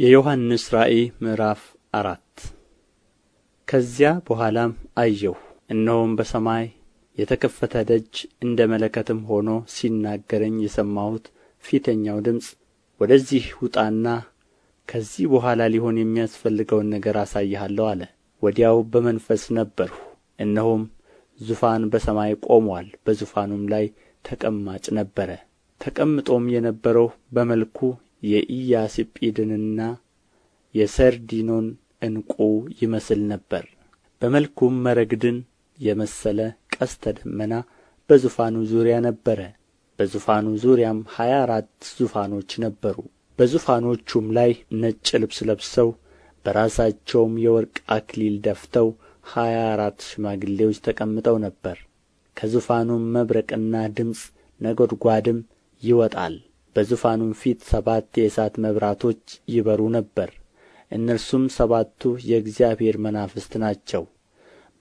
የዮሐንስ ራእይ ምዕራፍ አራት ከዚያ በኋላም አየሁ እነሆም በሰማይ የተከፈተ ደጅ እንደ መለከትም ሆኖ ሲናገረኝ የሰማሁት ፊተኛው ድምፅ ወደዚህ ውጣና ከዚህ በኋላ ሊሆን የሚያስፈልገውን ነገር አሳይሃለሁ አለ ወዲያው በመንፈስ ነበርሁ እነሆም ዙፋን በሰማይ ቆሞአል በዙፋኑም ላይ ተቀማጭ ነበረ ተቀምጦም የነበረው በመልኩ የኢያስጲድንና የሰርዲኖን ዕንቍ ይመስል ነበር በመልኩም መረግድን የመሰለ ቀስተ ደመና በዙፋኑ ዙሪያ ነበረ በዙፋኑ ዙሪያም ሀያ አራት ዙፋኖች ነበሩ በዙፋኖቹም ላይ ነጭ ልብስ ለብሰው በራሳቸውም የወርቅ አክሊል ደፍተው ሀያ አራት ሽማግሌዎች ተቀምጠው ነበር ከዙፋኑም መብረቅና ድምፅ ነጐድጓድም ይወጣል በዙፋኑም ፊት ሰባት የእሳት መብራቶች ይበሩ ነበር እነርሱም ሰባቱ የእግዚአብሔር መናፍስት ናቸው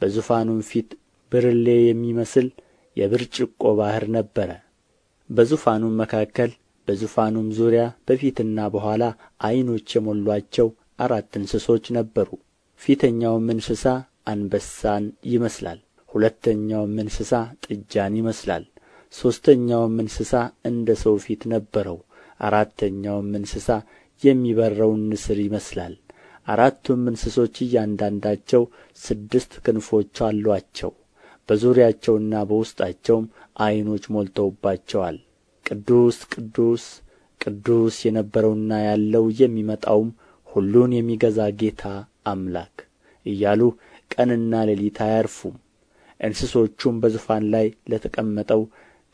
በዙፋኑም ፊት ብርሌ የሚመስል የብርጭቆ ባሕር ነበረ በዙፋኑም መካከል በዙፋኑም ዙሪያ በፊትና በኋላ ዐይኖች የሞሏቸው አራት እንስሶች ነበሩ ፊተኛውም እንስሳ አንበሳን ይመስላል ሁለተኛውም እንስሳ ጥጃን ይመስላል ሦስተኛውም እንስሳ እንደ ሰው ፊት ነበረው አራተኛውም እንስሳ የሚበረውን ንስር ይመስላል አራቱም እንስሶች እያንዳንዳቸው ስድስት ክንፎች አሉአቸው በዙሪያቸውና በውስጣቸውም ዐይኖች ሞልተውባቸዋል ቅዱስ ቅዱስ ቅዱስ የነበረውና ያለው የሚመጣውም ሁሉን የሚገዛ ጌታ አምላክ እያሉ ቀንና ሌሊት አያርፉም እንስሶቹም በዙፋን ላይ ለተቀመጠው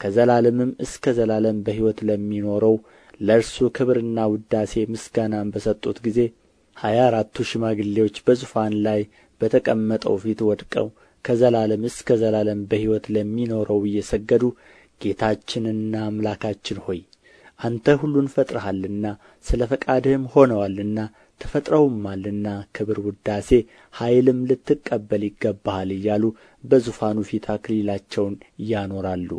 ከዘላለምም እስከ ዘላለም በሕይወት ለሚኖረው ለእርሱ ክብርና ውዳሴ ምስጋናን በሰጡት ጊዜ ሀያ አራቱ ሽማግሌዎች በዙፋን ላይ በተቀመጠው ፊት ወድቀው ከዘላለም እስከ ዘላለም በሕይወት ለሚኖረው እየሰገዱ ጌታችንና አምላካችን ሆይ አንተ ሁሉን ፈጥረሃልና ስለ ፈቃድህም ሆነዋልና ተፈጥረውማልና ክብር፣ ውዳሴ፣ ኃይልም ልትቀበል ይገባሃል እያሉ በዙፋኑ ፊት አክሊላቸውን ያኖራሉ